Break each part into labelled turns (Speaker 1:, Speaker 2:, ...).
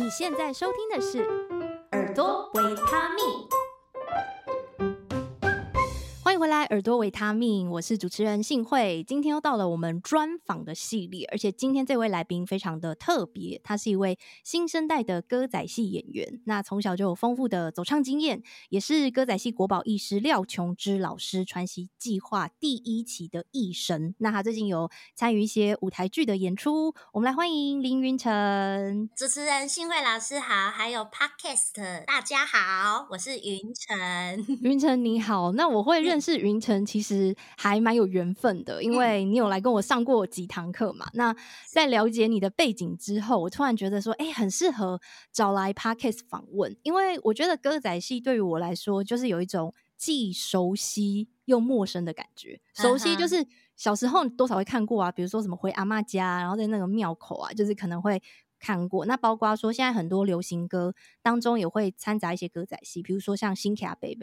Speaker 1: 你現在收聽的是《耳朵維他命》。回來耳朵維他命，我是主持人信慧。今天又到了我們專訪的系列，而且今天這位來賓非常的特別，他是一位新生代的歌仔戲演員。那從小就有豐富的走唱經驗，也是歌仔戲國寶藝師廖瓊枝老師傳習計劃第一期的藝生。那他最近有參與一些舞台劇的演出。我們來歡迎林芸丞。
Speaker 2: 主持人信慧老師好，還有 Podcast 大家好，我是芸
Speaker 1: 丞。芸丞你好。那我會認識。是芸丞其實還蠻有緣分的，因為你有來跟我上過幾堂課嘛。嗯、那在了解你的背景之後，我突然覺得說，哎、欸，很適合找來 Podcast 訪問，因為我覺得歌仔戲對於我來說，就是有一種既熟悉又陌生的感覺。熟悉就是小時候多少會看過啊，啊哈比如說什麼回阿媽家，然後在那個廟口啊，就是可能會看過。那包括說現在很多流行歌當中也會摻雜一些歌仔戲，比如說像《身騎白馬》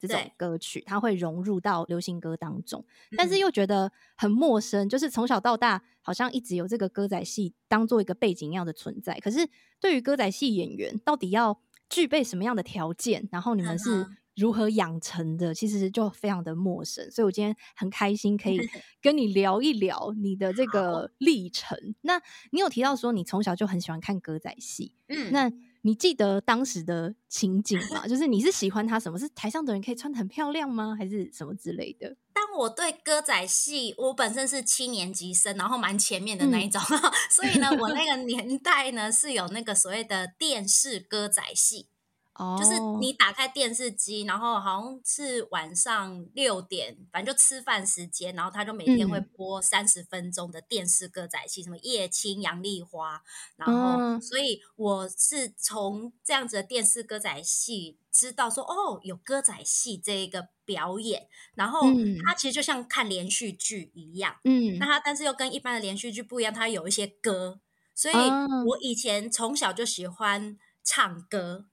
Speaker 1: 這種歌曲，對它會融入到流行歌當中，嗯、但是又覺得很陌生。就是從小到大，好像一直有這個歌仔戲當作一個背景一樣的存在。可是對於歌仔戲演員，到底要具備什麼樣的條件，然後你們是如何養成的，好其實就非常的陌生。所以我今天很開心可以跟你聊一聊你的這個歷程。好那你有提到說你從小就很喜歡看歌仔戲，嗯，那。你記得當時的情景嗎？就是你是喜歡他什麼？是台上的人可以穿得很漂亮嗎？還是什麼之類的？
Speaker 2: 但我對歌仔戲，我本身是七年級生，然後蠻前面的那一種，嗯、 所以呢，我那個年代呢，是有那個所謂的電視歌仔戲。就是你打開電視機，然後好像是晚上六點，反正就吃飯時間，然後他就每天會播三十分鐘的電視歌仔戲，嗯、什麼葉青、楊麗花，然後、嗯、所以我是從這樣子的電視歌仔戲知道說，哦，有歌仔戲這一個表演，然後它其實就像看連續劇一樣，嗯，那它但是又跟一般的連續劇不一樣，它有一些歌，所以我以前從小就喜歡唱歌。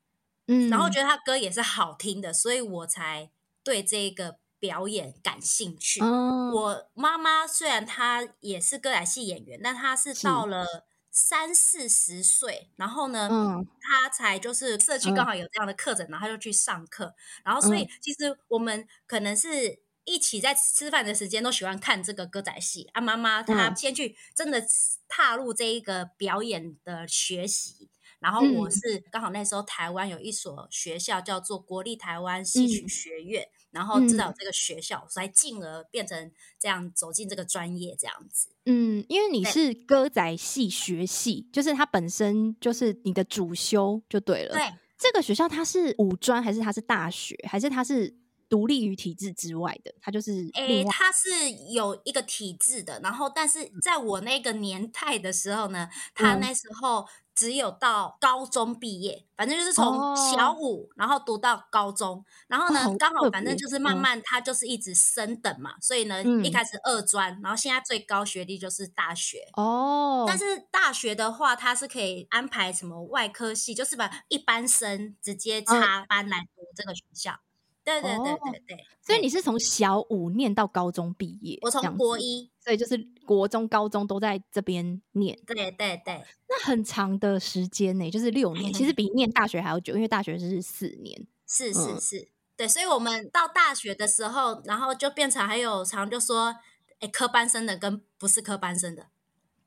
Speaker 2: 嗯，然後覺得他歌也是好聽的，所以我才對這個表演感興趣。哦、我媽媽雖然她也是歌仔戲演員，但她是到了三四十歲，是然後呢，嗯、她才就是社區剛好有這樣的課程，嗯、然後她就去上課。然後，所以其實我們可能是一起在吃飯的時間都喜歡看這個歌仔戲啊。媽媽她先去真的踏入這一個表演的學習。嗯然後我是剛好那時候台灣有一所學校叫做國立台灣戲曲學院，嗯、然後知道這個學校，所以、嗯、進而變成這樣走進這個專業這樣子。
Speaker 1: 嗯，因為你是歌仔戲學系，對就是它本身就是你的主修就對了。對，這個學校它是五專還是它是大學還是它是獨立於體制之外的？它就是誒、欸，它
Speaker 2: 是有一個體制的。然後，但是在我那個年代的時候呢，嗯、它那時候。只有到高中畢業，反正就是從小五，oh. 然後讀到高中，然後呢，oh. 剛好反正就是慢慢，他、oh. 就是一直升等嘛，oh. 所以呢，嗯、一開始二專，然後現在最高學歷就是大學。
Speaker 1: 哦，oh. 但是
Speaker 2: 大學的話，他是可以安排什麼外科系，就是把一般生直接插班來讀這個學校。Oh.
Speaker 1: 對，對對對對對。所以你是從小五念到高中畢業？我從國一。對，就是國中、高中都在這邊念。
Speaker 2: 對對對，
Speaker 1: 那很長的時間呢、欸，就是六年，哎、呀其實比念大學還要久，因為大學是四年。是是
Speaker 2: 是，嗯、對，所以我們到大學的時候，然後就變成還有常常就說，哎，科班生的跟不是科班生的，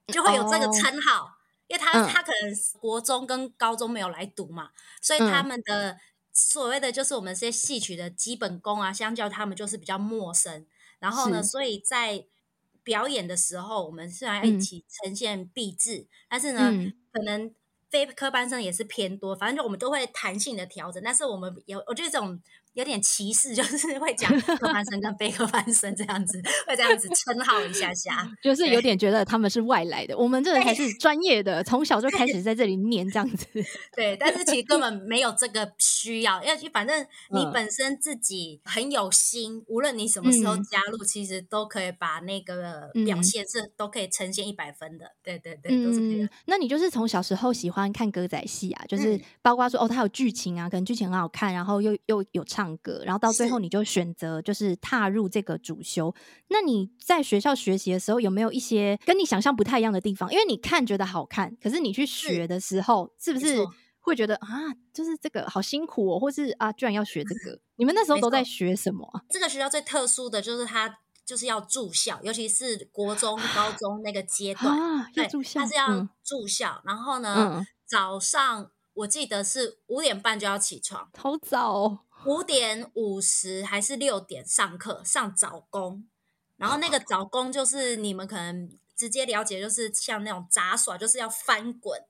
Speaker 1: 就會有這個稱
Speaker 2: 號，哦、因為他他、嗯、可能國中跟高中沒有來讀嘛，所以他們的所謂的就是我們這些戲曲的基本功啊，相較他們就是比較陌生。然後呢，是所以在表演的時候，我們雖然一起呈現畢製，嗯、但是呢，嗯、可能非科班生也是偏多，反正就我們都會彈性的調整。但是我們有，我覺得這種。有點歧視，就是會講科班生跟非科班生這樣子，會這樣子稱號一下下，
Speaker 1: 就是有點覺得他們是外來的。我們這個是專業的，從小就開始在這裡念這樣子。
Speaker 2: 對，但是其實根本沒有這個需要，因為反正你本身自己很有心，無論你什麼時候加入，其實都可以把那個表現是都可以呈現一百分的。對對對，都是
Speaker 1: 可以的、嗯。那你就是從小時候喜歡看歌仔戲啊，就是包括說哦，他有劇情啊，可能劇情很好看，然後又又有唱。格，然後到最後你就選擇就是踏入這個主修。是那你在學校學習的時候，有沒有一些跟你想象不太一樣的地方？因為你看覺得好看，可是你去學的時候，是，是不是會覺得錯啊，就是這個好辛苦哦，或是啊，居然要學這個？嗯、你們那時候都在學什麼、啊？
Speaker 2: 這個學校最特殊的就是它就是要住校，尤其是國中、高中那個階段啊，要住校對，他是要住校。嗯、然後呢，嗯、早上我記得是五點半就要起床，好早哦。五點五十還是六點上課，上早功，然後那個早功就是你們可能直接了解，就是像那種雜耍，就是要翻滾，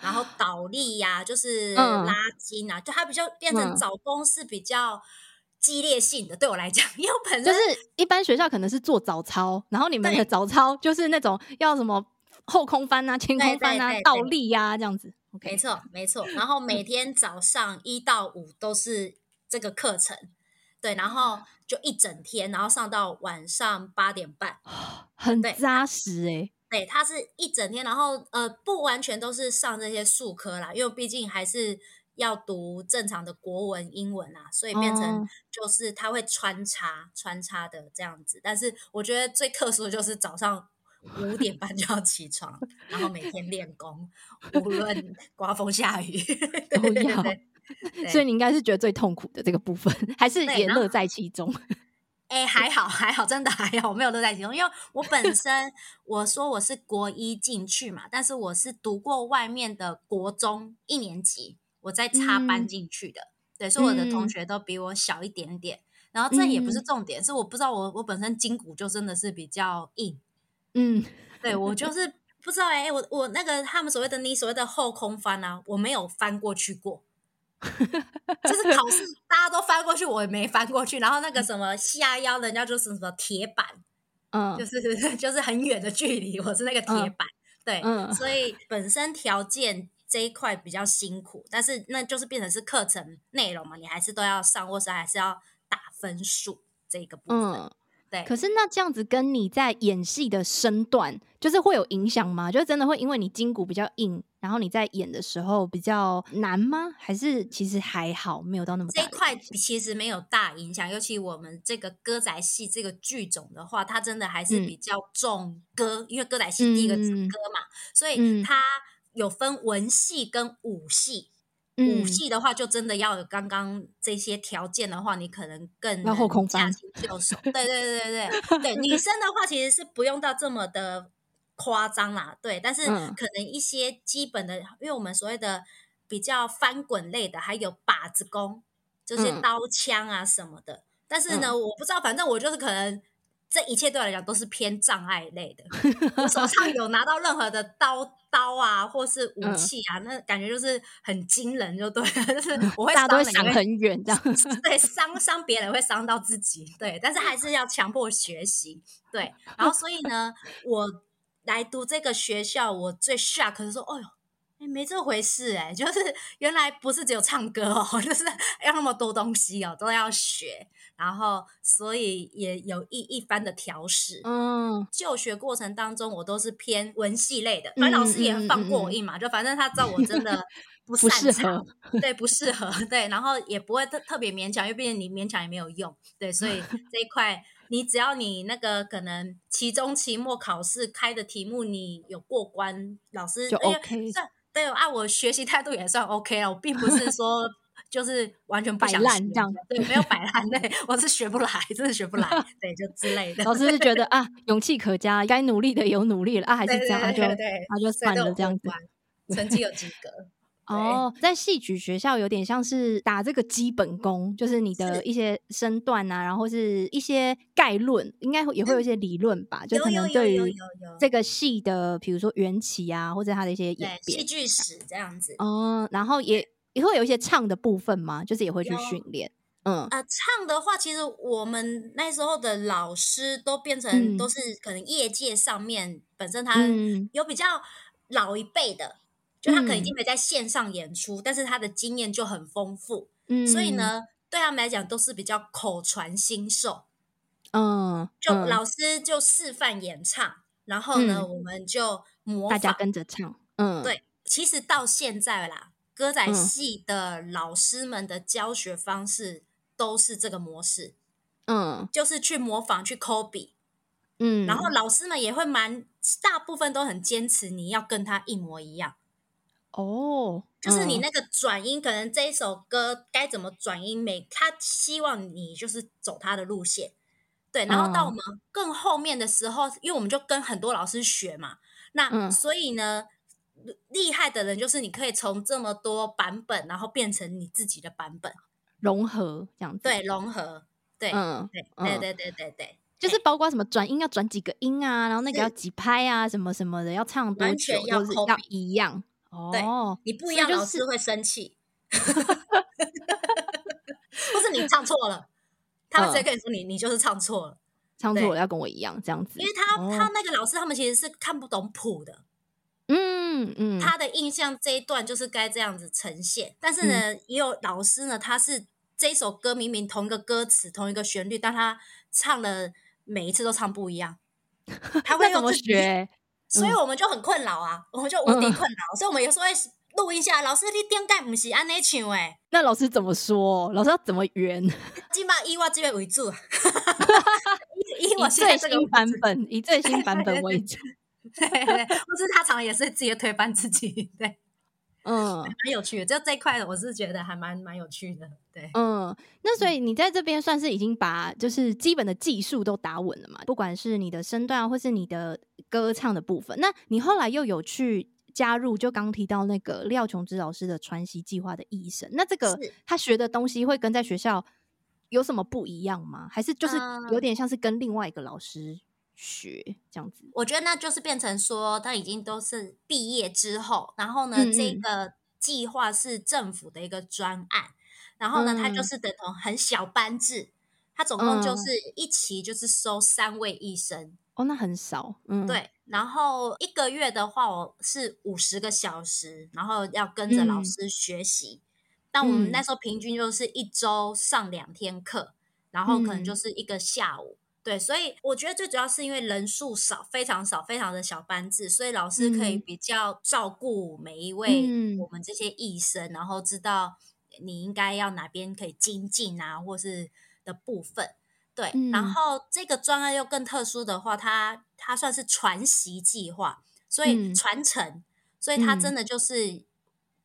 Speaker 2: 然後倒立呀、啊，就是拉筋啊，嗯、就它比較變成早功是比較激烈性的。嗯、對我來講，因為本身就是
Speaker 1: 一般學校可能是做早操，然後你們的早操就是那種要什麼後空翻啊、前空翻啊、對對對對對、倒立呀、啊、這樣子。
Speaker 2: Okay、沒錯沒錯。然後每天早上一到五都是。這個課程，對，然後就一整天，然後上到晚上八點半，
Speaker 1: 很紮實哎、
Speaker 2: 欸。對，它是一整天，然後呃，不完全都是上這些術科啦，因為畢竟還是要讀正常的國文、英文啊，所以變成就是它會穿插、嗯、穿插的這樣子。但是我覺得最特殊的就是早上五點半
Speaker 1: 就要起床，
Speaker 2: 然後每天練功，無論颳風下雨都要妖
Speaker 1: 對所以你應該是覺得最痛苦的這個部分，還是也樂在其中？
Speaker 2: 哎、欸，還好，還好，真的還好，我沒有樂在其中。因為我本身我說我是國一進去嘛， 但是我是讀過外面的國中一年級，我在插班進去的。嗯、對，所以我的同學都比我小一點點。嗯、然後這也不是重點，是我不知道我我本身筋骨就真的是比較硬。嗯，對，我就是不知道哎、欸，我我那個他們所謂的你所謂的後空翻啊，我沒有翻過去過。 就是考試，大家都翻過去我也沒翻過去。然後那個什麼下腰，人家就是什麼鐵板，
Speaker 1: 嗯、就是，
Speaker 2: 就是就是很遠的距離。我是那個鐵板，嗯、對，嗯、所以本身條件這一塊比較辛苦，但是那就是變成是課程內容嘛，你還是都要上，或是還是要打分數這個部分。嗯
Speaker 1: 對可是那這樣子跟你在演戲的身段，就是會有影響嗎？就是真的會因為你筋骨比較硬，然後你在演的時候比較難嗎？還是其實還好，沒有到那麼大這一
Speaker 2: 塊，其實沒有大影響。尤其我們這個歌仔戲這個劇種的話，它真的還是比較重歌，嗯、因為歌仔戲第一個字歌嘛，嗯、所以它有分文戲跟武戲。武戲的話，就真的要有剛剛這些條件的話，你可能
Speaker 1: 更駕輕就
Speaker 2: 熟。對對對對對對，對， 對，女生的話其實是不用到這麼的誇張啦。對，但是可能一些基本的，嗯、因為我們所謂的比較翻滾類的，還有把子功，這些刀槍啊什麼的。嗯、但是呢，我不知道，反正我就是可能。這一切對我來講都是偏障礙類的。我手上有拿到任何的刀刀啊，或是武器啊，嗯、那感覺就是很驚人，就對，就是我會，大家都會想很
Speaker 1: 遠，這樣子。
Speaker 2: 對，傷傷別人會傷到自己，對，但是還是要強迫學習，對。然後所以呢，我來讀這個學校，我最 shock 是說，哎呦。哎，沒這回事哎、欸，就是原來不是只有唱歌哦，就是要那麼多東西哦，都要學，然後所以也有一一番的調試。嗯，就學過程當中，我都是偏文系類的，嗯、反正老師也放過我一馬，嗯嗯、就反正他知道我真的不擅長
Speaker 1: 不適合，
Speaker 2: 對，不適合，對，然後也不會特特別勉強，又變成你勉強也沒有用，對，所以這一塊你只要你那個可能期中、期末考試開的題目你有過關，老師就 OK。沒有啊，我學習態度也算 OK 了。我並不是說就是完全
Speaker 1: 擺爛這樣的，對，對，沒有
Speaker 2: 擺爛，對，我是學不來，真的學不來， 對，就之類的。老師是覺得
Speaker 1: 啊，勇氣可嘉，該努力的有努力了啊，還是這樣，對對對對他就對對他就算了這樣子，成績有及格。 哦，在戲曲學校有點像是打這個基本功，就是你的一些身段啊，然後是一些概論，應該也會有一些理論吧，就可能對於這個戲的，比如說緣起啊，或者他的一些演變、戲
Speaker 2: 劇史這樣子。哦，
Speaker 1: 然後也也會有一些唱的部分嘛？就是也會去訓練。嗯，啊，
Speaker 2: 唱的話，其實我們那時候的老師都變成都是可能業界上面本身他有比較老一輩的。就他可能已經沒在線上演出，嗯、但是他的經驗就很豐富，嗯，所以呢，對他們來講都是比較口傳心授，
Speaker 1: 嗯，就老
Speaker 2: 師就示範演唱，嗯、然後呢，我們就模仿，大家
Speaker 1: 跟着唱，嗯，對，
Speaker 2: 其實到現在啦，歌仔戲的老師們的教學方式都是這個模式，
Speaker 1: 嗯，
Speaker 2: 就是去模仿去 copy，嗯，然後老師們也會蠻大部分都很堅持，你要跟他一模一樣。
Speaker 1: 哦，oh, 就是你那個
Speaker 2: 轉音，嗯、可能這一首歌該怎麼轉音沒，每他希望你就是走他的路線，對。然後到我們更後面的時候，嗯、因為我們就跟很多老師學嘛，那、嗯、所以呢，厲害的人就是你可以從這麼多版本，然後變成你自己的版本，
Speaker 1: 融合這樣。對，
Speaker 2: 融合。對,嗯、對，對，對，對，對，對，
Speaker 1: 對，就是包括什麼轉音要轉幾個音啊，然後那個要幾拍啊，是什麼什麼的，要唱多久，完全要 copy 要一樣。哦，你不一樣，老師會
Speaker 2: 生氣，不是你唱錯了，他們直接跟你說，你你就是唱錯了，
Speaker 1: 唱錯了要跟我一樣這樣子。
Speaker 2: 因為他他那個老師他們其實是看不懂譜的，
Speaker 1: 嗯嗯，他
Speaker 2: 的印象這一段就是該這樣子呈現。但是呢，也有老師呢，他是這一首歌明明同一個歌詞同一個旋律，但他唱的每一次都唱不一樣，他會怎麼學？所以我們就很困擾啊，嗯、我們就無敵困擾，嗯、所以我們有時候會錄一下老師，你點解不是安尼唱誒？
Speaker 1: 那老師怎麼說？老師要怎麼圓？
Speaker 2: 起碼以我這邊為主。以以 我現這個最新
Speaker 1: 版本，主以最新版本為主。 對，
Speaker 2: 就是他常常也是直接推翻自己，對。嗯，蠻有趣的，就這塊我是覺得還蠻蠻有趣的，對。
Speaker 1: 嗯，那所以你在這邊算是已經把就是基本的技術都打穩了嘛，不管是你的身段或是你的歌唱的部分，那你後來又有去加入，就剛提到那個廖瓊枝老師的傳習計劃的藝生，那這個是他學的東西會跟在學校有什麼不一樣嗎？還是就是有點像是跟另外一個老師？嗯學這樣子，
Speaker 2: 我覺得那就是變成說，他已經都是畢業之後，然後呢，嗯、這個計劃是政府的一個專案，然後呢，嗯、他就是等同很小班制，他總共就是一期就是收三位藝生。
Speaker 1: 嗯、哦，那很少，嗯，對。
Speaker 2: 然後一個月的話，我是五十個小時，然後要跟着老師學習。嗯、
Speaker 1: 但我們那時候
Speaker 2: 平均就是一周上兩天課，然後可能就是一個下午。嗯對，所以我覺得最主要是因為人數少，非常少，非常的小班制，所以老師可以比較照顧每一位我們這些藝生，嗯、然後知道你應該要哪邊可以精進啊，或是的部分。對，嗯、然後這個專案又更特殊的話，它它算是傳習計劃，所以傳承，所以它真的就是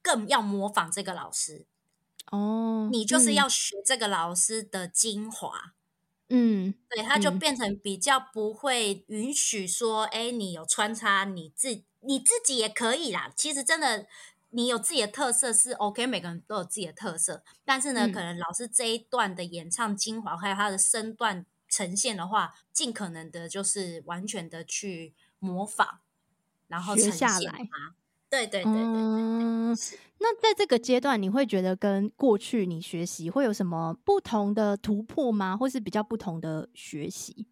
Speaker 2: 更要模仿這個老師
Speaker 1: 哦，嗯、你就是要
Speaker 2: 學這個老師的精華。
Speaker 1: 嗯，對，他就變
Speaker 2: 成比較不會允許說，哎、嗯欸，你有穿插，你自你自己也可以啦。其實真的，你有自己的特色是 OK，每個人都有自己的特色。但是呢，嗯、可能老師這一段的演唱精華，還有他的身段呈現的話，盡可能的就是完全的去模仿，然後呈現，下來，對對對
Speaker 1: 對對，對，對、嗯。那在這個階段，你會覺得跟過去你學習會有什麼不同的突破嗎？或是比較不同的學習？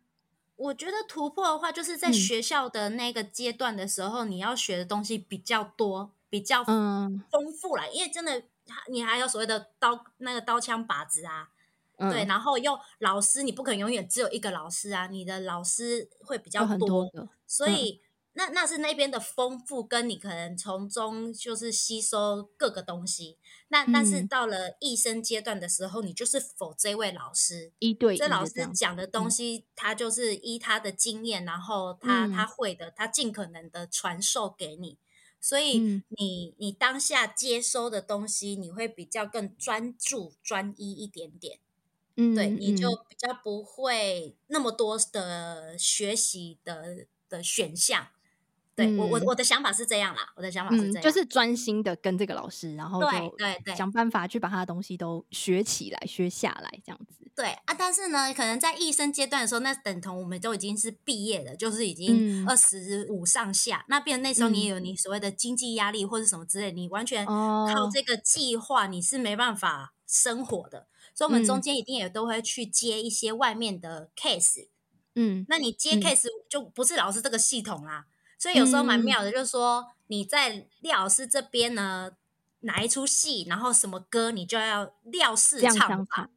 Speaker 2: 我覺得突破的話，就是在學校的那個階段的時候，嗯、你要學的東西比較多，比較嗯豐富啦。嗯、因為真的，你還有所謂的刀那個刀槍把子啊，嗯、對，然後又老師，你不可能永遠只有一個老師啊，你的老師會比較多，多嗯、所以。那那是那邊的豐富，跟你可能從中就是吸收各個東西。那、嗯、但是到了藝生階段的時候，你就是否這位老師一對一這這老師講的東西，嗯、他就是依他的經驗，然後他、嗯、他會的，他盡可能的傳授給你。所以你、嗯、你，你當下接收的東西，你會比較更專注專一一點點。
Speaker 1: 嗯，對，你就
Speaker 2: 比較不會那麼多的學習的的選項。
Speaker 1: 對、嗯、我我我的
Speaker 2: 想法是這樣啦，我的想法是這樣，就是
Speaker 1: 專心的跟這個老師，對然後對對對，想辦法去把他的東西都學起來、學下來這樣子。
Speaker 2: 對啊，但是呢，可能在藝生階段的時候，那等同我們都已經是畢業了，就是已經二十五上下，嗯、那變成那時候你有你所謂的經濟壓力或者什麼之類，你完全靠這個計劃你是沒辦法生活的，嗯、所以我們中間一定也都會去接一些外面的 case。
Speaker 1: 嗯，
Speaker 2: 那你接 case、嗯、就不是老師這個系統啦、啊。所以有時候蠻妙的，就是說你在廖老師這邊呢，哪一出戲，然後什麼歌，你就要廖氏唱。這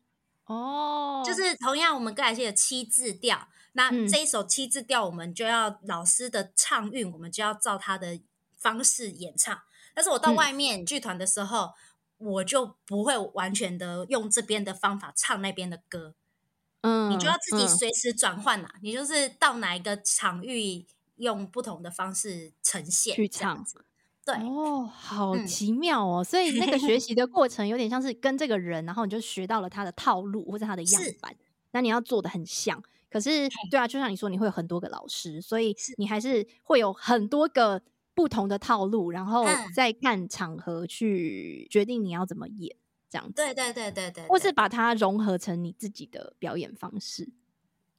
Speaker 2: 哦。就是同樣，我們歌仔戲有七字調，那這一首七字調，我們就要老師的唱韻，我們就要照他的方式演唱。但是我到外面劇團的時候，我就不會完全的用這邊的方法唱那邊的歌。
Speaker 1: 嗯。你就要自己隨
Speaker 2: 時轉換啦。你就是到哪一個場域。用不同的方式呈現，去唱，
Speaker 1: 對哦，好奇妙哦！嗯、所以那個學習的過程有點像是跟這個人， 然後你就學到了他的套路或者他的樣板，那是你要做的很像。可是，嗯、對啊，就像你說，你會有很多個老師，所以你還是會有很多個不同的套路，然後再看場合去決定你要怎麼演，這樣子、嗯、對,
Speaker 2: 對,對對對對對，或是
Speaker 1: 把它融合成你自己的表演方式。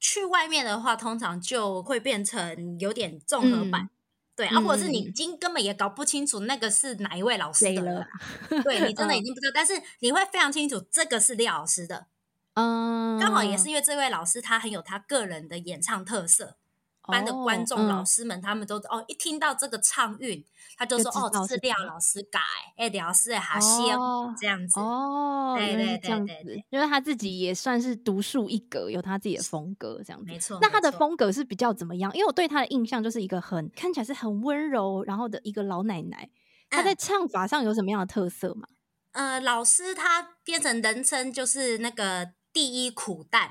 Speaker 2: 去外面的話，通常就會變成有點重合版。嗯、對啊，嗯、或者是你已經根本也搞不清楚那個是哪一位老師的誰了，
Speaker 1: 對，你真的已經不知道，嗯、但是
Speaker 2: 你會非常清楚這個是廖老師的，
Speaker 1: 嗯，剛好也是因
Speaker 2: 為這位老師他很有他個人的演唱特色。
Speaker 1: 班的觀眾、哦、老師
Speaker 2: 們，他們都、嗯、哦，一聽到這個唱韻，他就說就哦，是廖老師改，哎，廖老師還先
Speaker 1: 這樣子，因對這樣子，因為他自己也算是獨樹一格，有他自己的風格這樣子。沒錯，沒錯。那他的風格是比較怎麼樣？因為我對他的印象就是一個很看起來是很溫柔，然後的一個老奶奶。嗯、他在唱法上有什麼樣的特色嗎？嗯、呃，
Speaker 2: 老師他變成人稱就是那個第一苦旦。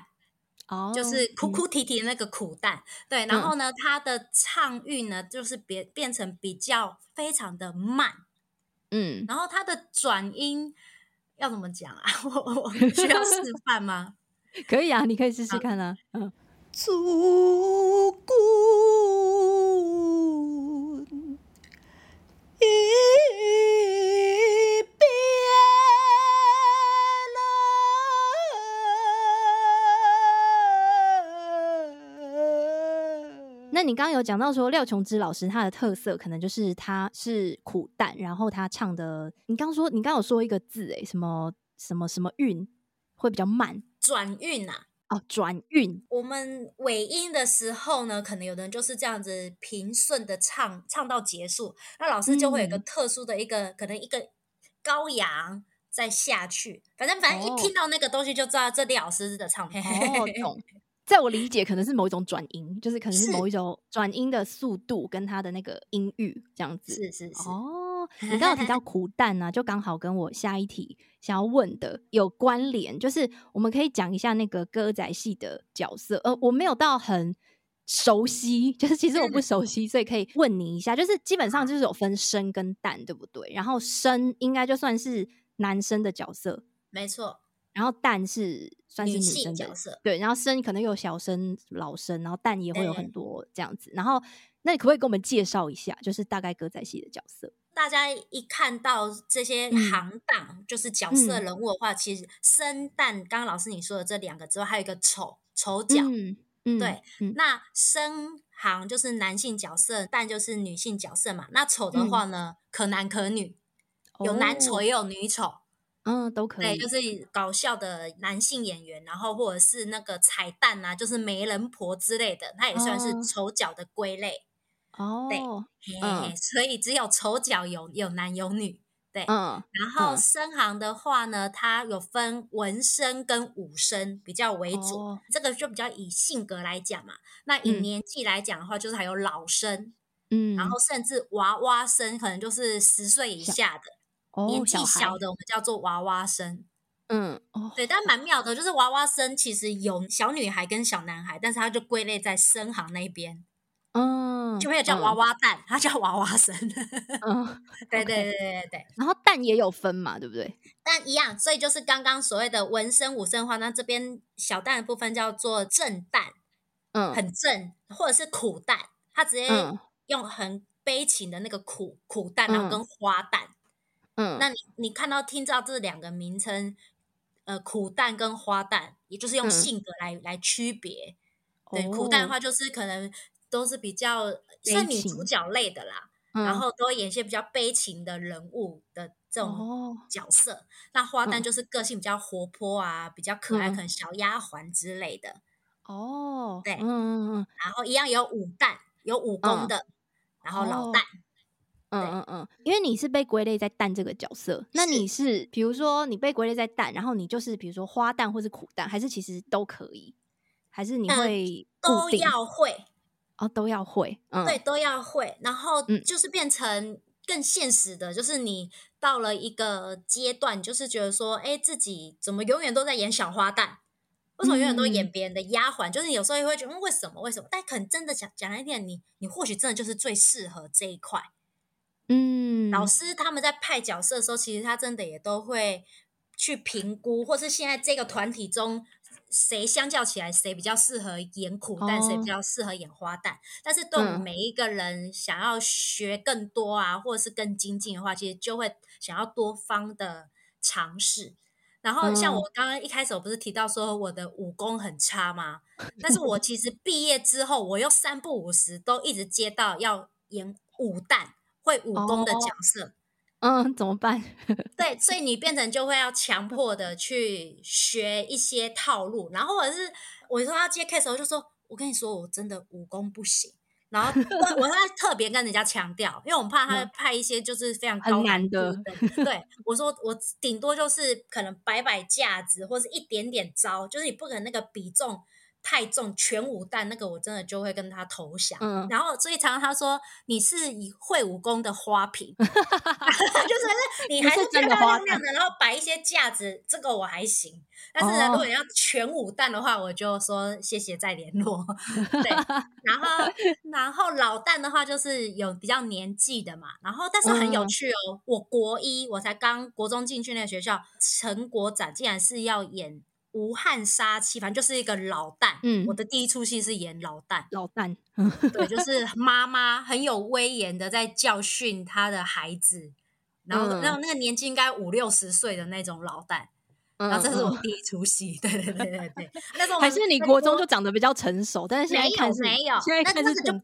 Speaker 2: 哦，oh, 就是哭哭啼啼的那個苦旦。嗯、對，然後呢，他的唱韻呢，就是變變成比較非常的
Speaker 1: 慢，嗯，然
Speaker 2: 後他的轉音要怎麼講啊？我 我需要示範嗎？ 可以啊，你可以試試
Speaker 1: 看啊，嗯、啊，啊、祖你剛剛有講到說廖瓊枝老師他的特色，可能就是他是苦旦，然後他唱的，你剛說你剛有說一個字哎、欸，什麼什麼什麼韻會比較慢，
Speaker 2: 轉韻吶、
Speaker 1: 啊，哦，轉韻。
Speaker 2: 我們尾音的時候呢，可能有的人就是這樣子平順的唱，唱到結束，那老師就會有一個特殊的一個，嗯、可能一個高揚再下去，反正反正一聽到那個東西就知道這裡老師的唱片、哦。
Speaker 1: 在我理解，可能是某一種轉音，是就是可能是某一種轉音的速度跟它的那個音域這樣子。是是是哦，oh, 你剛剛有提到苦旦啊，就剛好跟我下一題想要問的有關聯，就是我們可以講一下那個歌仔戲的角色。呃，我沒有到很熟悉，就是其實我不熟悉， 所以可以問你一下，就是基本上就是有分生跟旦，對不對？然後生應該就算是男生的角色，
Speaker 2: 沒錯。
Speaker 1: 然後旦是算是女，生女性角色，對，然後生可能有小生、老生，然後旦也會有很多這樣子。嗯嗯然後，那你可不可以給我們介紹一下，就是大概歌仔戲的角色？
Speaker 2: 大家一看到這些行當，嗯、就是角色人物的話，嗯、其實生旦，剛剛老師你說的這兩個之外，還有一個丑丑角。嗯，對。嗯、那生行就是男性角色，旦就是女性角色嘛。那丑的話呢，嗯、可男可女，
Speaker 1: 哦、有男丑也有女丑。嗯，都可以。對，就是
Speaker 2: 搞笑的男性演員，然後或者是那個彩蛋啊，就是媒人婆之類的，他也算是丑角的歸類。哦，對，嗯、所以只有丑角有有男有女。對，嗯。然後生行的話呢，嗯、它有分文生跟武生比較為主，哦、這個就比較以性格來講嘛。那以年紀來講的話，就是還有老生，
Speaker 1: 嗯，然後
Speaker 2: 甚至娃娃生，可能就是十歲以下的。
Speaker 1: 哦、年紀小
Speaker 2: 的我們叫做娃娃生。
Speaker 1: 嗯，
Speaker 2: 哦、對，但蠻妙的，就是娃娃生其實有小女孩跟小男孩，但是他就歸類在生行那邊，
Speaker 1: 嗯，就沒有叫娃娃
Speaker 2: 旦，嗯、他叫娃娃生。嗯， 對對對對對，
Speaker 1: 對，然後旦也有分嘛，對不對？
Speaker 2: 但一樣，所以就是剛剛所謂的文生武生花，那這邊小旦的部分叫做正旦，嗯，很正，或者是苦旦，他直接用很悲情的那個苦苦旦，然後跟花旦。嗯嗯，那你你看到聽到這兩個名稱，呃，苦旦跟花旦，也就是用性格來來區別。
Speaker 1: 對，苦旦的話就是
Speaker 2: 可能都是比較算女主角類的啦，然後都會演一些比較悲情的人物的這種角色。那花旦就是個性比較活潑啊，比較可愛，可能小丫鬟之類的。
Speaker 1: 哦，對，嗯嗯嗯。
Speaker 2: 然後一樣有武旦，有武功的，然後老旦。
Speaker 1: 對嗯嗯嗯，因為你是被歸類在“旦”這個角色，是那你是比如說你被歸類在“旦”，然後你就是比如說花旦，或是苦旦，還是其實都可以，還是你會、呃、都要會哦，都要會，嗯、對，
Speaker 2: 都要會，然後就是變成更現實的，嗯、就是你到了一個階段，就是覺得說，哎、欸，自己怎麼永遠都在演小花旦，為什麼永遠都演別人的丫鬟？嗯、就是你有時候也會覺得、嗯、為什麼，為什麼？但可能真的講講一點，你你或許真的就是最適合這一塊。嗯，老師他們在派角色的時候，其實他真的也都會去評估，或是現在這個團體中誰相較起來誰比較適合演苦旦，誰比較適合演花旦。哦、但是對每一個人想要學更多啊，或者是更精進的話，其實就會想要多方的嘗試。然後像我剛剛一開始我不是提到說我的武功很差嗎？嗯、但是我其實畢業之後，我又三不五時都一直接到要演武旦。會武功的角色，
Speaker 1: 哦、嗯，怎麼辦？
Speaker 2: 對，所以你變成就會要強迫的去學一些套路，然後我是，我說他接 case 的時候就說，我跟你說我真的武功不行，然後我我特別跟人家強調，因為我怕他會派一些就是非常高，嗯，很難的，對，我說我頂多就是可能擺擺架子或者是一點點招，就是你不可能那個比重，太重，全武旦那個我真的就會跟他投降，嗯、然後所以常常他說，你是以會武功的花瓶， 就是你還是漂漂亮亮的，的然後擺一些架子，這個我還行。
Speaker 1: 但是如果你要
Speaker 2: 全武旦的話，我就說謝謝再聯絡。哦、對，然後然後老旦的話就是有比較年紀的嘛，然後但是很有趣哦，嗯、我國一我才剛國中進去那個學校，陳國展竟然是要演。吳漢殺妻，反正就是一個老旦。嗯，我的第一出戲是演老旦，老
Speaker 1: 旦，對，
Speaker 2: 就是媽媽很有威嚴的在教訓她的孩子，
Speaker 1: 然後
Speaker 2: 那個年紀應該五六十歲的那種老旦。
Speaker 1: 然後這是我
Speaker 2: 第一出戲，對對對對
Speaker 1: 對。那時還是你國中就長得比較成熟，但是現在沒有，現在開始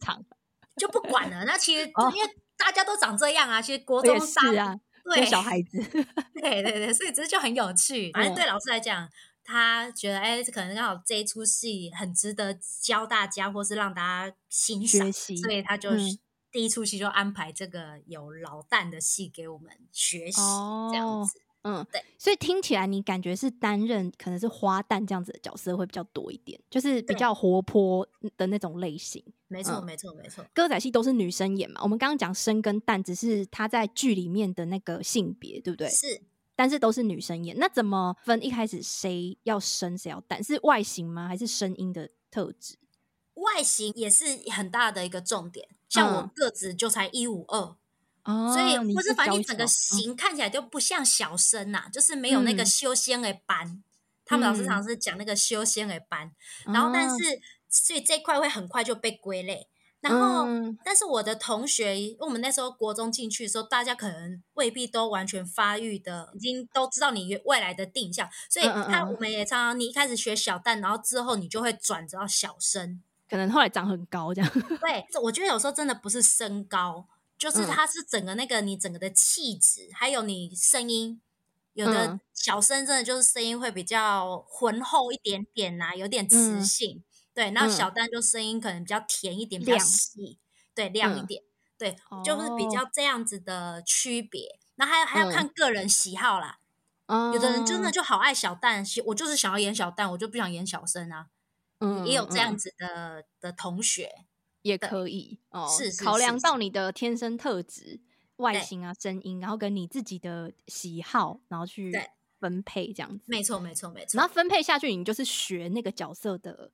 Speaker 2: 就不管了。那其實因為大家都長這樣啊，其實國中是啊，
Speaker 1: 對小孩子，
Speaker 2: 對對對，所以其實就很有趣。反正對老師來講。他覺得哎，這、欸、可能剛好這一出戲很值得教大家，或是讓大家欣賞、學習。所以他就第一出戲就安排這個有老旦的戲給我們學習。哦、這樣
Speaker 1: 子。嗯，對。所以聽起來你感覺是擔任可能是花旦這樣子的角色會比較多一點，就是比較活潑的那種類型。沒錯，沒錯，沒錯。歌仔戲都是女生演嘛？嗯、我們剛剛講生跟旦，只是她在劇裡面的那個性別，對不對？是。但是都是女生演，那怎麼分？一開始誰要生誰要旦？是外形嗎？還是聲音的特質？
Speaker 2: 外形也是很大的一個重點。像我個子就才一五二，嗯、所以我、哦、是反正整個型小小看起來就不像小生吶、啊，嗯、就是沒有那個修仙的班。嗯、他們老師常常講那個修仙的班，嗯、然後但是所以這塊會很快就被歸類。然後，嗯、但是我的同學，我們那時候國中進去的時候，大家可能未必都完全發育的，已經都知道你未來的定向，所以他我們也常常，你一開始學小旦，然後之後你就會轉着到小生，
Speaker 1: 可能後來長很高這樣。
Speaker 2: 對，我覺得有時候真的不是身高，就是他是整個那個、嗯、你整個的氣質，還有你聲音，有的小生真的就是聲音會比較渾厚一點點啊，有點磁性。嗯對，然後小旦就聲音可能比較甜一點，比較細，對，亮一點，對，就是比較這樣子的區別。那還要還要看個人喜好啦，有的人真的就好愛小旦，我就是想要演小旦，我就不想演小生啊。嗯，
Speaker 1: 也有這樣子
Speaker 2: 的的同學也可以
Speaker 1: 哦，考量，到你的天生特質、外形啊、聲音，然後跟你自己的喜好，然後去分配這樣子。沒錯，沒錯，沒錯。然後分配下去，你就是學那個角色的。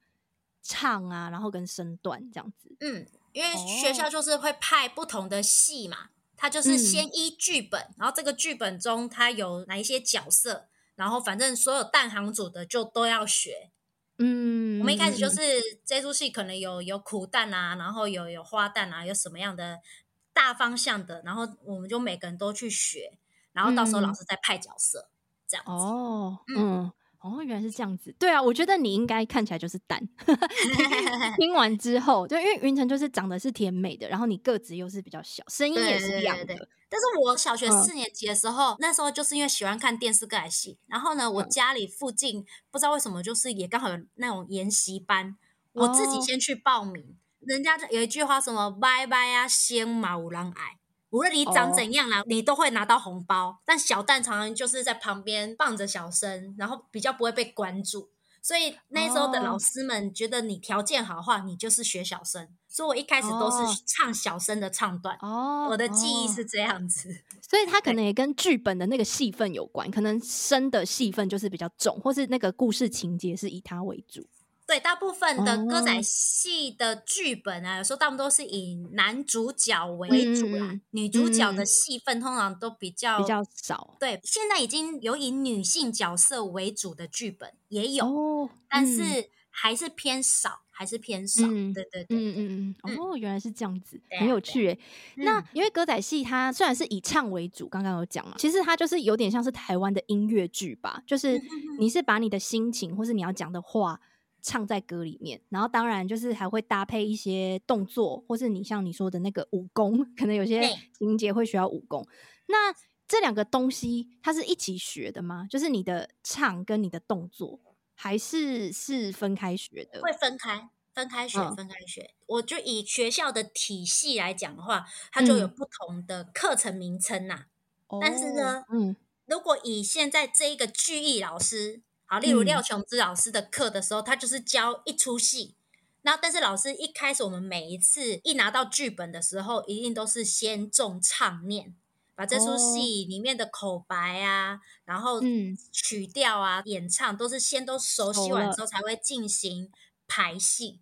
Speaker 1: 唱啊，然後跟身段這樣子。
Speaker 2: 嗯，因為學校就是會派不同的戲嘛，他、哦、就是先依劇本，嗯、然後這個劇本中他有哪一些角色，然後反正所有旦行組的就都要學。嗯，我們一開始就是這出戲可能有有苦旦啊，然後有有花旦啊，有什麼樣的大方向的，然後我們就每個
Speaker 1: 人都去學，然後到時候老師再派角色、嗯、這樣子。哦，嗯。嗯哦，原來是這樣子。對啊，我覺得你應該看起來就是旦。 聽完之後，對，因為芸丞就是長得是甜美的，然後你個子又是比較小，聲音也是一樣的對對對對對。但是，
Speaker 2: 我小學四年級的時候，嗯、那時候就是因為喜歡看電視歌仔戲，然後呢，我家裡附近、嗯、不知道為什麼就是也剛好有那種研習班，我自己先去報名。哦、人家就有一句話什麼“拜拜啊，先嘛有人愛”。無論你長怎樣了，oh. 你都會拿到紅包。但小旦常常就是在旁邊放着小生，然後比較不會被關注。所以那時候的老師們覺得你條件好的話，oh. 你就是學小生。所以我一開始都是唱小生的唱段。哦，oh. oh. 我的記憶是這樣子。
Speaker 1: 所以他可能也跟劇本的那個戲份有關，Okay. 可能生的戲份就是比較重，或是那個故事情節是以他為主。
Speaker 2: 對，大部分的歌仔戲的劇本啊，有時候大部分都是以男主角為主啦，女主角的戲份通常都比較比較少。對，現在已經有以女性角色為主的劇本也有，但是還是偏少，還是偏
Speaker 1: 少。對對對，嗯嗯哦，原來是這樣子，很有趣誒。那因為歌仔戲它雖然是以唱為主，剛剛有講嘛，其實它就是有點像是台灣的音樂劇吧，就是你是把你的心情或是你要講的話。唱在歌裡面，然後當然就是還會搭配一些動作，或是你像你說的那個武功，可能有些情節會需要武功。對那這兩個東西，它是一起學的嗎？就是你的唱跟你的動作，還是是分開學的？會
Speaker 2: 分開，分開學，哦、分開學。我就以學校的體系來講的話，它就有不同的課程名稱吶、啊。嗯、但是呢，
Speaker 1: 嗯，
Speaker 2: 如果以現在這一個劇藝老師。好，例如廖瓊枝老師的課的時候，嗯、他就是教一出戲。那但是老師一開始，我們每一次一拿到劇本的時候，一定都是先重唱念，把這出戲裡面的口白啊，哦、然後嗯曲調啊，嗯、演唱都是先都熟悉完之後，才會進行排戲。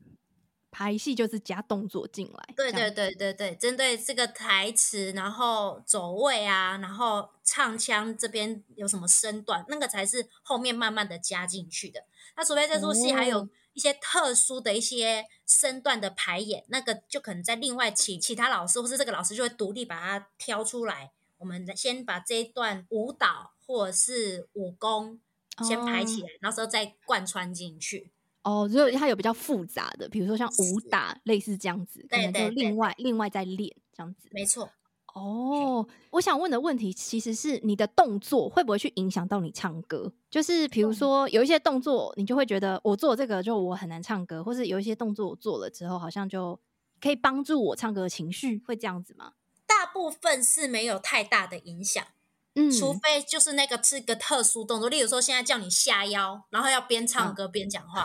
Speaker 1: 排戲就是加動作進來，
Speaker 2: 對對對對對，針樣對,對,對,對這個台詞，然後走位啊，然後唱腔這邊有什麼身段，那個才是後面慢慢的加進去的。那除非這出戲還有一些特殊的一些身段的排演，哦、那個就可能在另外請其他老師，或是這個老師就會獨立把它挑出來。我們先把這一段舞蹈或是武功
Speaker 1: 先排起來，然
Speaker 2: 後再貫穿進去。
Speaker 1: 哦，如果它有比較複雜的，比如說像武打，類似這樣子，是可能就另外對對對對另外在練這樣子。沒錯錯。哦，是我想問的問題其實是你的動作會不會去影響到你唱歌？就是比如說有一些動作，你就會覺得我做這個就我很難唱歌，或是有一些動作我做了之後，好像就可以幫助我唱歌的情緒，會這樣子嗎？
Speaker 2: 大部分是沒有太大的影響。嗯，除非就是那個是個特殊動作，例如說現在叫你下腰，然後要邊唱歌邊講話，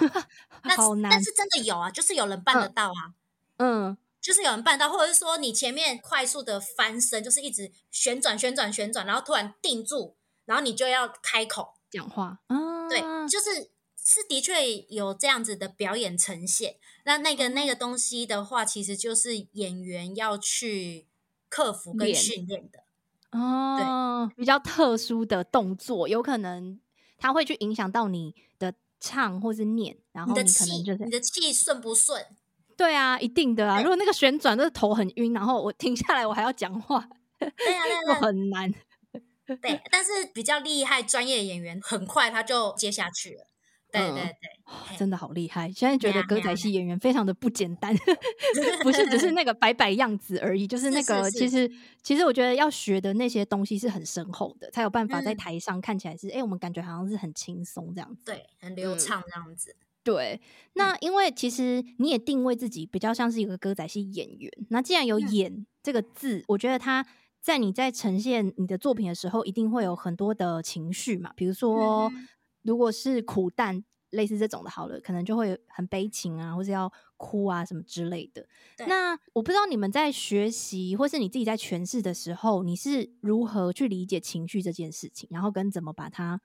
Speaker 2: 嗯、 好難。那但是真的有啊，就是有人辦得到啊，嗯，嗯，就是有人辦得到，或者是說你前面快速的翻身，就是一直旋轉旋轉旋轉，然後突然定住，然後你就要開口講話，啊、嗯，對，就是是的確有這樣子的表演呈現，那那個那個東西的話，其實就是演員要去克服跟訓練的。
Speaker 1: 哦，對比較特殊的動作，有可能他會去影響到你的唱或是念，然後你可能就是你的
Speaker 2: 氣順不順？
Speaker 1: 對啊，一定的啊。對如果那個旋轉，的、那個、頭很暈，然後我停下來，我還要講話，對啊，那 很難。
Speaker 2: 對， 但是比較厲害專業演員，很快他就接下去了。
Speaker 1: 對對對，真的好厲害！現在覺得歌仔戲演員非常的不簡單，不是只是那個擺擺樣子而已，就是那個其實其實我覺得要學的那些東西是很深厚的，才有辦法在台上看起來是哎，我們感覺好像是很輕鬆這樣子，對，
Speaker 2: 很流暢這樣子。
Speaker 1: 對，那因為其實你也定位自己比較像是一個歌仔戲演員，那既然有演這個字，我覺得他在你在呈現你的作品的時候，一定會有很多的情緒嘛，比如說。如果是苦旦類似這種的，好了，可能就會很悲情啊，或是要哭啊什麼之類的。對那我不知道你們在學習或是你自己在詮釋的時候，你是如何去理解情緒這件事情，然後跟怎麼把它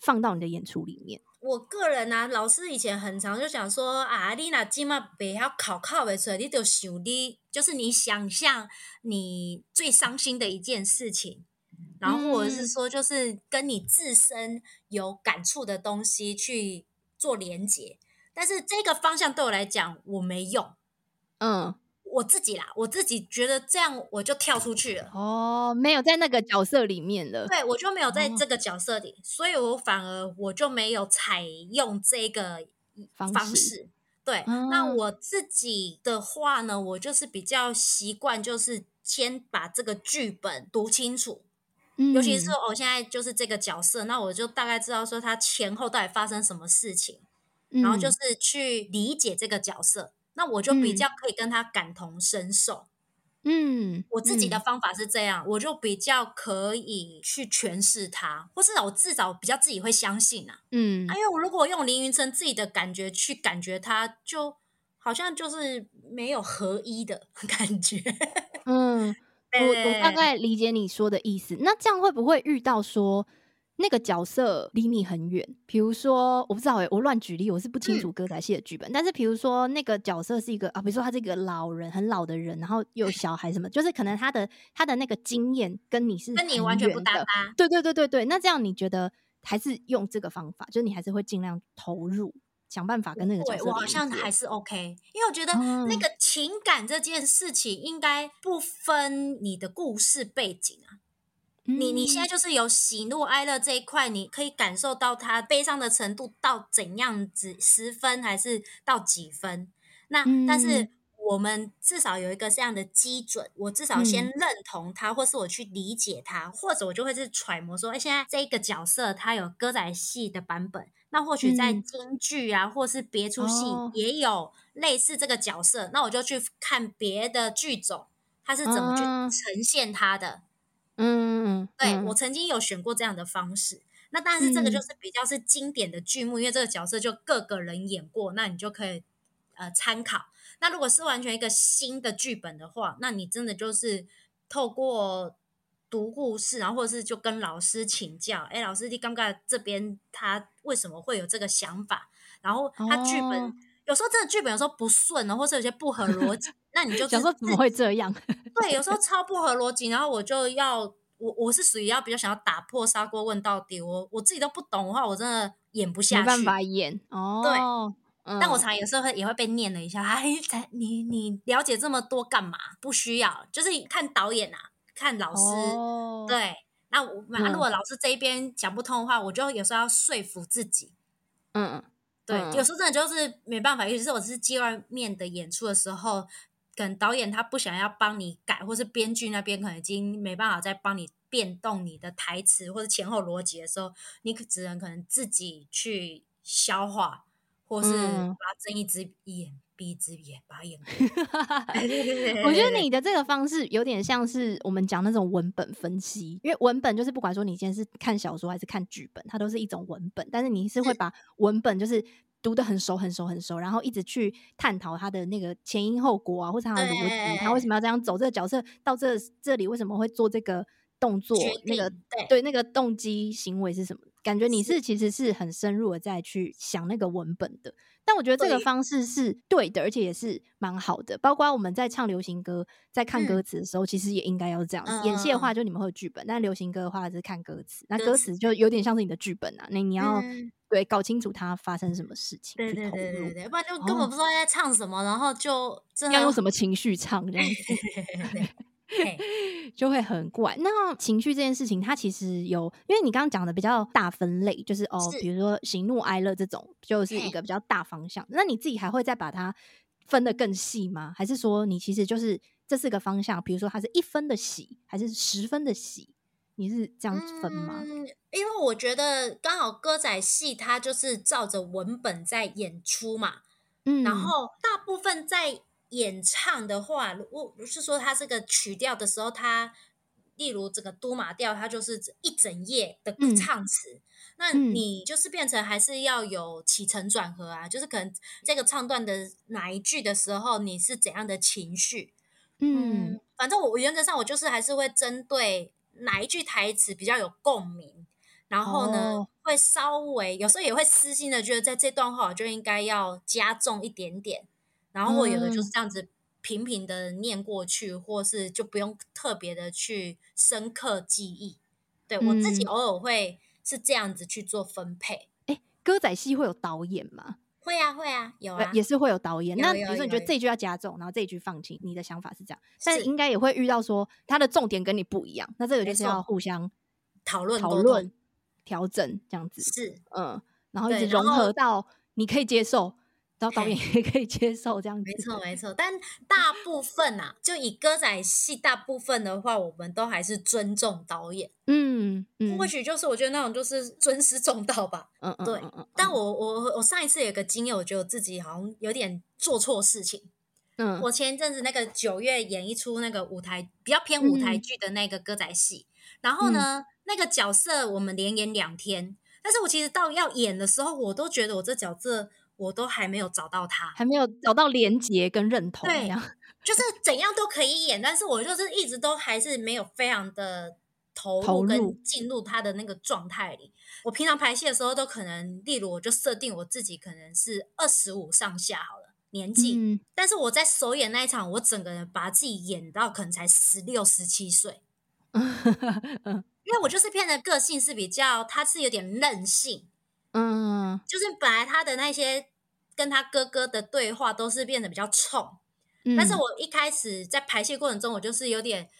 Speaker 1: 放到你的演出裡面？
Speaker 2: 我個人啊，老師以前很常就想說啊，你若今嘛袂曉哭，哭袂出來的時候你就想，你就是你想象你最傷心的一件事情，然後，或者是說，就是跟你自身有感觸的東西去做連結，但是這個方向對我來講我沒用。嗯，我自己啦，我自己覺得這樣我就跳出去了
Speaker 1: 哦，沒有在那個角色裡面了。
Speaker 2: 對，我就沒有在這個角色裡，哦，所以我反而我就沒有採用這個方式。方式。對，嗯，那我自己的話呢，我就是比較習慣，就是先把這個劇本讀清楚。尤其是我、哦、現在就是這個角色，那我就大概知道說他前後到底發生什麼事情，
Speaker 1: 嗯、然後就是
Speaker 2: 去理解這個角色，那我就比較可以跟他感同身受。
Speaker 1: 嗯，
Speaker 2: 我自己的方法是這樣，嗯、我就比較可以去詮釋他，或是我至少我比較自己會相信啊。嗯，因為我如果用林芸丞自己的感覺去感覺他，就好像就是沒有合一的
Speaker 1: 感覺。嗯。對我我大概理解你說的意思，那這樣會不會遇到說那個角色離你很遠？比如說，我不知道、欸、我亂舉例，我是不清楚歌仔戲的劇本。嗯、但是比如說，那個角色是一個啊，比如說他是一個老人，很老的人，然後有小孩什麼， 就是可能他的他的那個經驗跟你是跟你完全不搭嘎？對對對對對，那這樣你覺得還是用這個方法，就是你還是會盡量投入。想辦法跟那個角色對，我好像還
Speaker 2: 是 OK，因為我覺得那個情感這件事情應該不分你的故事背景啊。嗯、
Speaker 1: 你你現在
Speaker 2: 就是有喜怒哀樂這一塊，你可以感受到他悲傷的程度到怎樣子十分，還是到幾分？那但是。嗯我們至少有一個這樣的基準，我至少先認同他，嗯、或是我去理解他，或者我就會去揣摩說：哎、欸，現在這個角色他有歌仔戲的版本，那或許在京劇啊，嗯、或是別出戲也有類似這個角色，哦、那我就去看別的劇種他是怎麼去呈現他的
Speaker 1: 嗯，嗯、嗯，對，我
Speaker 2: 曾經有選過這樣的方式，那但是這個就是比較是經典的劇目，嗯、因為這個角色就各個人演過，那你就可以呃參考。那如果是完全一個新的劇本的話，那你真的就是透過讀故事，然後或者是就跟老師請教，哎，老師，你剛剛這邊他為什麼會有這個想法？然後他劇本、oh. 有時候真的劇本有時候不順呢，或是有些不合邏輯， 那你就是想說怎麼
Speaker 1: 會這樣？
Speaker 2: 對，有時候超不合邏輯，然後我就要我我是屬於要比較想要打破砂鍋問到底，我我自己都不懂的話，我真的演不下去，沒辦法演哦。Oh. 對。但我常常有時候會也會被念了一下，哎、嗯， 你你了解這麼多幹嘛？不需要，就是看導演啊，看老師。哦、對，那我、嗯、如果老師這一邊講不通的話，我就有時候要說服自己。嗯
Speaker 1: 嗯，對，嗯、有時
Speaker 2: 候真的就是沒辦法，尤其是我是接外面的演出的時候，可能導演他不想要幫你改，或是編劇那邊可能已經沒辦法再幫你變動你的台詞或者前後邏輯的時候，你只能可能自己去消化。或是把睜一隻眼閉、嗯、一隻眼，眼，把眼。
Speaker 1: 我覺得你的這個方式有點像是我們講那種文本分析，因為文本就是不管說你今天是看小說還是看劇本，它都是一種文本。但是你是會把文本就是讀得很熟、很熟、很熟，然後一直去探討它的那個前因後果啊，或者他的邏輯，他為什麼要這樣走這個角色到這這裡，為什麼會做這個動作？前面那個對，對那個動機行為是什麼？感覺你是其實是很深入的在去想那個文本的，但我覺得這個方式是對的，而且也是蠻好的。包括我們在唱流行歌，在看歌詞的時候，其實也應該要這樣。演戲的話，就你們會有劇本，但流行歌的話是看歌詞。那歌詞就有點像是你的劇本啊，那你要對搞清楚它發生什麼事情。
Speaker 2: 對對對對對，不然就根本不知道在唱什麼，然後就要，要用什
Speaker 1: 麼情緒唱這樣子。 對 hey, 就會很怪。那情緒這件事情，它其實有，因為你剛剛講的比較大分類，就是哦，是比如說喜怒哀樂這種，就是一個比較大方向。Hey, 那你自己還會再把它分得更細嗎？還是說你其實就是這四個方向？比如說它是一分的喜，還是十分的喜？你是這樣分嗎？嗯，
Speaker 2: 因為我覺得剛好歌仔戲它就是照着文本在演出嘛，嗯，然後大部分在。演唱的話，如果是說它這個曲調的時候，它例如這個都馬調，它就是一整夜的唱詞。
Speaker 1: 嗯、那你
Speaker 2: 就是變成還是要有起承轉合啊，嗯、就是可能這個唱段的哪一句的時候，你是怎樣的情緒？嗯，嗯，反正我原則上我就是還是會針對哪一句台詞比較有共鳴，然後呢，哦、會稍微有時候也會私心的覺得，在這段話我就應該要加重一點點。然後我有的就是這樣子平平的念過去，或是就不用特別的去深刻記憶。
Speaker 1: 對，我自己偶
Speaker 2: 爾會是這樣子去做分配。哎，
Speaker 1: 歌仔戲會有導演嗎？會啊，會啊，有啊，也是會有導演。那比如說你覺得這句要加重，然後這句放輕，你的想法是這樣，但是應該也會遇到說他的重點跟你不一樣，那這個就是要互相討論、討論、調整這樣子。是，嗯，然後一直融合到你可以接受。然後導演也可以接受這樣，沒錯
Speaker 2: 沒錯。但大部分吶、啊， 就以歌仔戲大部分的話，我們都還是尊重導演。嗯嗯，或、嗯、許就是我覺得那種就是尊師重道吧。嗯嗯，對。嗯嗯、但我我我上一次有一個經驗，我覺得我自己好像有點做錯事情。嗯，我前一陣子那個九月演一齣那個舞台比較偏舞台劇的那個歌仔戲，嗯、然後呢，嗯、那個角色我們連演兩天，但是我其實到要演的時候，我都覺得我這角色。我都還沒有找到他，
Speaker 1: 還沒有找到連接跟認同。對，
Speaker 2: 就是怎樣都可以演，但是我就是一直都還是沒有非常的投入進入他的那個狀態裡。我平常排戲的時候都可能，例如我就設定我自己可能是二十五上下好了
Speaker 1: 年紀，
Speaker 2: 但是我在首演那一場，我整個人把自己演到可能才十六十七歲，因為我就是片的個性是比較，他是有點任性，
Speaker 1: 嗯，
Speaker 2: 就是本來他的那些。跟他哥哥的對話都是變得比較衝，
Speaker 1: 但是我
Speaker 2: 一開始在排戲過程中，我就是有點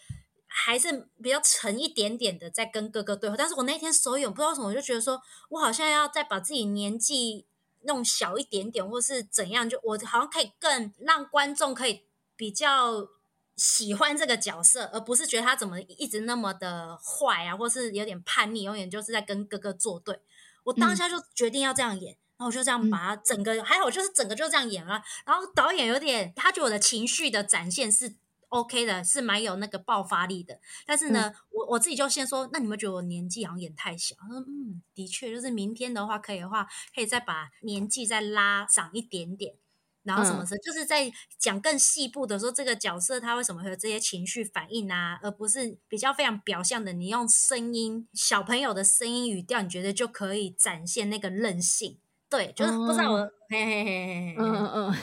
Speaker 2: 還是比較沉一點點的在跟哥哥對話。但是我那天首演不知道為什麼，我就覺得說我好像要再把自己年紀弄小一點點，或是怎樣，就我好像可以更讓觀眾可以比較喜歡這個角色，而不是覺得他怎麼一直那麼的壞啊，或是有點叛逆，永遠就是在跟哥哥作對。我當下就決定要這樣演。嗯然後就這樣把它整個，還好，就是整個就這樣演了啊。然後導演有點，他覺得我的情緒的展現是 OK 的，是蠻有那個爆發力的。但是呢，我我自己就先說，那你們覺得我年紀好像演太小？他說，嗯，的確，就是明天的話可以的話，可以再把年紀再拉長一點點。然後什麼事，就是在講更細部的說，這個角色他為什麼會有這些情緒反應啊？而不是比較非常表象的，你用聲音小朋友的聲音語調，你覺得就可以展現那個韌性。對，就是不知道我，嗯嗯，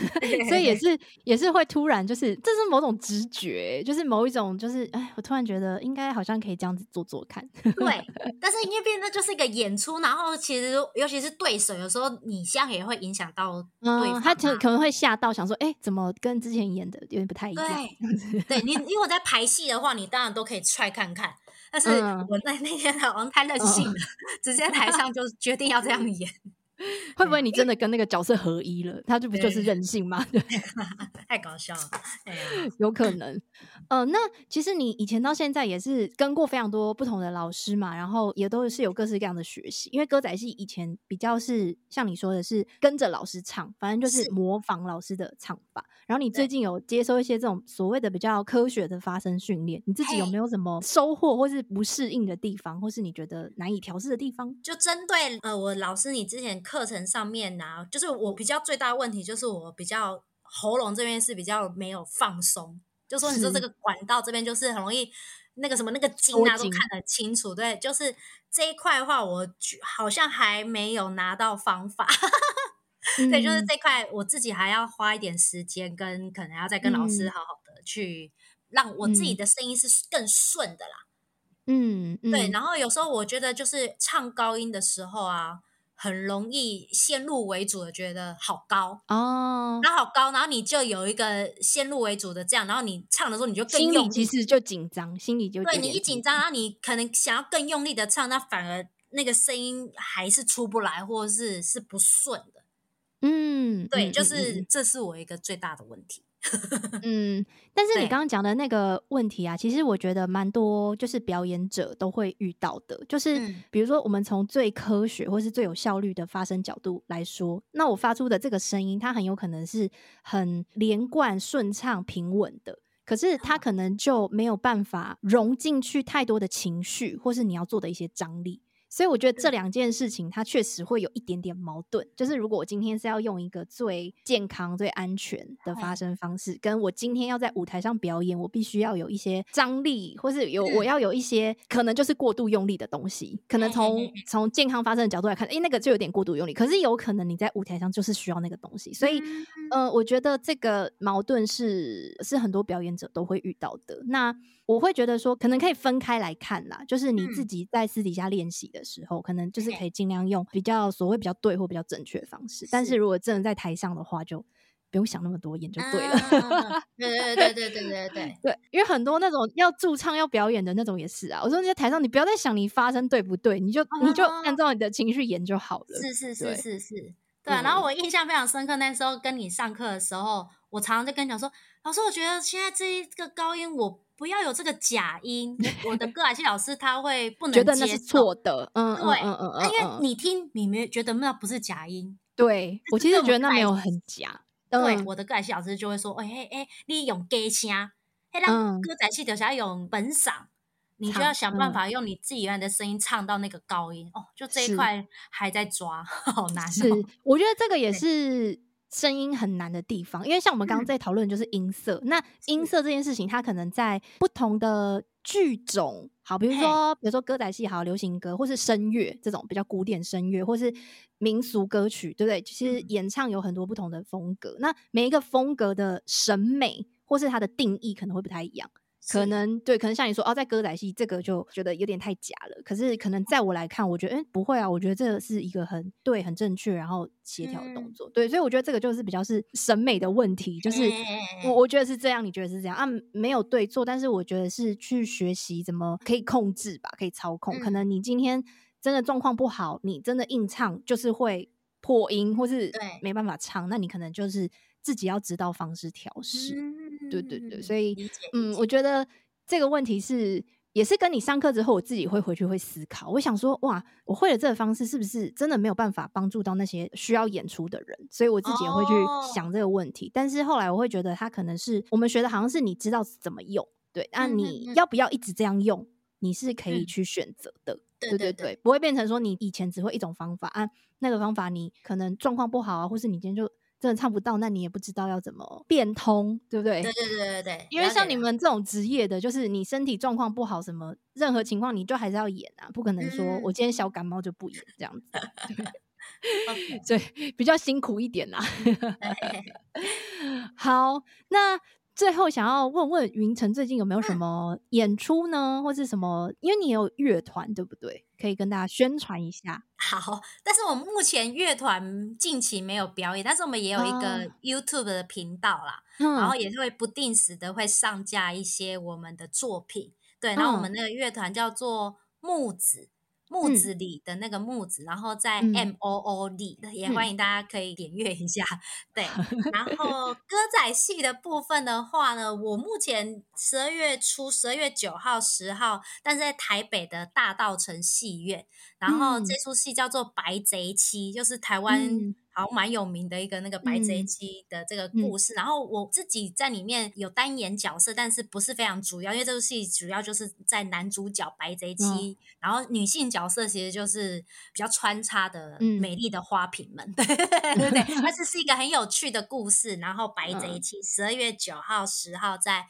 Speaker 2: 所以也是
Speaker 1: 也是會突然就是這是某種直覺、欸，就是某一種就是哎，我突然覺得應該好像可以這樣子做做看。
Speaker 2: 對，但是因為變得那就是一個演出，然後其實尤其是對手，有時候你像也會影響到對方，
Speaker 1: 啊、嗯、他可可能會嚇到，想說哎、欸，怎麼跟之前演的有點不太一
Speaker 2: 樣？對，對你因為我在排戲的話，你當然都可以試看看，但是我在那天好像太任性了，嗯，直接台上就決定要這樣演。
Speaker 1: 會不會你真的跟那個角色合一了？他這不就是任性嗎？
Speaker 2: 太搞對笑了！
Speaker 1: 有可能。呃，那其實你以前到現在也是跟過非常多不同的老師嘛，然後也都是有各式各樣的學習。因為歌仔戲以前比較是像你說的是，是跟着老師唱，反正就是模仿老師的唱法。是然後你最近有接受一些這種所謂的比較科學的發聲訓練，你自己有沒有什麼收穫，或是不適應的地方，或是你覺得難以調適的地方？
Speaker 2: 就針對呃，我老師你之前。課程上面啊，就是我比較最大的問題，就是我比較喉嚨這邊是比較沒有放鬆。是就說你說這個管道這邊，就是很容易那個什麼那個筋啊金都看得清楚，對，就是這一塊的話，我好像還沒有拿到方法。
Speaker 1: 嗯、對，就是這
Speaker 2: 塊我自己還要花一點時間跟，跟可能要再跟老師好好的去、嗯、讓我自己的聲音是更順的啦。
Speaker 1: 嗯，嗯對。然
Speaker 2: 後有時候我覺得就是唱高音的時候啊。很容易先入為主的覺得好高哦，那好高，然後你就有一個先入為主的這樣，然後你唱的時候你就更用力，心裡其
Speaker 1: 實就緊張，心裡就對，你一
Speaker 2: 緊張，然後你可能想要更用力的唱，那反而那個聲音還是出不來，或者是是不順的。
Speaker 1: 嗯，對，就是
Speaker 2: 這是我一個最大的問題。
Speaker 1: 嗯，但是你剛剛講的那個問題啊，對其實我覺得蠻多，就是表演者都會遇到的。就是比如說，我們從最科學或是最有效率的發聲角度來說，那我發出的這個聲音，它很有可能是很連貫、順暢、平穩的，可是它可能就沒有辦法融進去太多的情緒，或是你要做的一些張力。所以我覺得這兩件事情，它確實會有一點點矛盾。就是如果我今天是要用一個最健康、最安全的發聲方式，跟我今天要在舞台上表演，我必須要有一些張力，或是有我要有一些可能就是過度用力的東西。可能從從健康發聲的角度來看，誒，那個就有點過度用力。可是有可能你在舞台上就是需要那個東西。所以，呃，我覺得這個矛盾是是很多表演者都會遇到的。那。我會覺得說，可能可以分開來看啦。就是你自己在私底下練習的時候，嗯、可能就是可以盡量用比較所謂比較對或比較正確的方式。是，但是如果真的在台上的話，就不用想那麼多，演就對了。啊、 對對對對對對對對，對，因為很多那種要駐唱要表演的那種也是啊。我說你在台上，你不要再想你發聲對不對，你就、啊、你就按照你的情緒演就好了。是、啊、對是是是
Speaker 2: 是，對、啊。嗯、然後我印象非常深刻，那時候跟你上課的時候，我常常就跟你講說，老師，我覺得現在這一個高音我。不要有這個假音，我的歌仔戲老師他會不能接 覺得那是錯
Speaker 1: 的，嗯，對位、嗯，嗯嗯嗯、啊，因為你
Speaker 2: 聽，你們覺得那不是假音，
Speaker 1: 對，這這我其實覺得那沒有很假，
Speaker 2: 對、嗯，我的歌仔戲老師就會說，哎哎哎，你用假聲、欸，讓歌仔戲就是要用本嗓，嗯、你就要想辦法用你自己原來的聲音唱到那個高音、嗯、哦，就這一塊還在抓，是好難、哦，是，
Speaker 1: 我覺得這個也是聲音很難的地方，因為像我們剛剛在討論的就是音色。嗯、那音色這件事情，它可能在不同的劇種，好，比如說嘿比如說歌仔戲好，好流行歌，或是聲樂這種比較古典聲樂，或是民俗歌曲，對不對？其實演唱有很多不同的風格，嗯、那每一個風格的審美或是它的定義可能會不太一樣。可能對，可能像你說哦、啊，在歌仔戲這個就覺得有點太假了。可是可能在我來看，我覺得誒不會啊，我覺得這個是一個很對、很正確，然後協調的動作。嗯、對，所以我覺得這個就是比較是審美的問題，就是我我覺得是這樣，你覺得是這樣啊？沒有對錯，但是我覺得是去學習怎麼可以控制吧，可以操控。嗯、可能你今天真的狀況不好，你真的硬唱就是會破音，或是沒辦法唱，對那你可能就是。自己要知道方式調試，嗯、對對對，所以嗯，我覺得這個問題是也是跟你上課之後，我自己會回去會思考。我想說，哇，我會了這個方式，是不是真的沒有辦法幫助到那些需要演出的人？所以我自己也會去想這個問題。哦、但是後來我會覺得，他可能是我們學的，好像是你知道怎麼用，對，那、啊、你要不要一直這樣用？你是可以去選擇的，嗯、對對對，對對對，不會變成說你以前只會一種方法啊，那個方法你可能狀況不好啊，或是你今天就。真的唱不到，那你也不知道要怎麼變通，對不對？對對對對對。因為像你們這種職業的，了解了就是你身體狀況不好，什麼任何情況，你就還是要演啊，不可能說我今天小感冒就不演，嗯、這樣子。對 Okay. 所以，比較辛苦一點啦。 好，那。最後想要問問芸丞，最近有沒有什麼演出呢？嗯、或是什麼？因為你也有樂團，對不對？可以跟大家宣傳一下。好，
Speaker 2: 但是我們目前樂團近期沒有表演，但是我們也有一個 YouTube 的頻道啦，嗯、然後也是會不定時的會上架一些我們的作品。嗯、對，然後我們那個樂團叫做木子。木子李的那個木子，嗯、然後在 M O O Z，嗯、也歡迎大家可以點閱一下。嗯、對，然後歌仔戲的部分的話呢，我目前十二月初，十二月九號、十號，但是在台北的大稻埕戲院，然後這出戲叫做《白賊七》，就是台灣、嗯。嗯好，然後蠻有名的一個那個白賊七的這個故事，嗯嗯、然後我自己在裡面有單演角色，但是不是非常主要，因為這部戲主要就是在男主角白賊七，嗯，然後女性角色其實就是比較穿插的美麗的花瓶們，嗯、對對對。 但是是一個很有趣的故事。然後白賊七十二月九號、十號在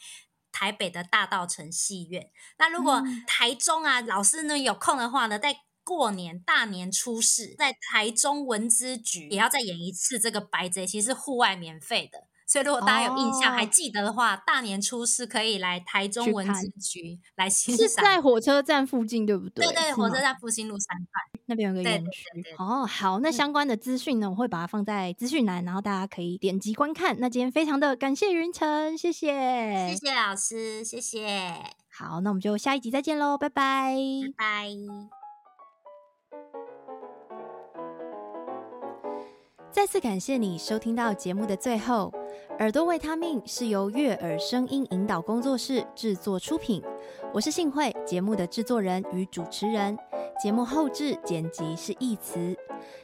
Speaker 2: 台北的大稻埕戲院。那如果台中啊老師呢有空的話呢，在過年大年初四，在台中文資局也要再演一次這個白賊，其實是戶外免費的，所以如果大家有印象、哦、還記得的話，大年初四可以來台中文資局看來欣賞。是在
Speaker 1: 火車站附近，對不對？對，對對，嗎火車站
Speaker 2: 復興路三段那邊有個
Speaker 1: 園區。哦，好，那相關的資訊呢，我會把它放在資訊欄，然後大家可以點擊觀看。那今天非常的感謝芸丞，謝謝，謝
Speaker 2: 謝老師，謝謝。
Speaker 1: 好，那我們就下一集再見嘍，拜拜，拜拜。再次感謝你收聽到節目的最後，《耳朵維他命》是由樂耳聲音引導工作室製作出品。我是信慧，節目的製作人與主持人。節目後製剪輯是易詞。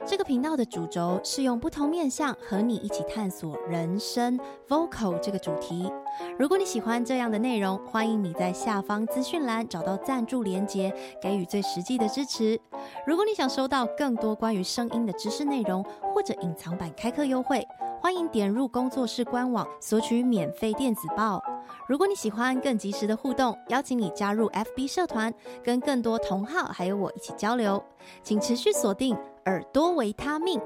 Speaker 1: 這個頻道的主軸是用不同面向和你一起探索人生 Vocal 這個主題。如果你喜歡這樣的內容，歡迎你在下方資訊欄找到贊助連結，給予最實際的支持。如果你想收到更多關於聲音的知識內容，或者隱藏版開課優惠，歡迎點入工作室官網索取免費電子報。如果你喜歡更及時的互動，邀請你加入 FB 社團，跟更多同好還有我一起交流。請持續鎖定。耳朵維他命。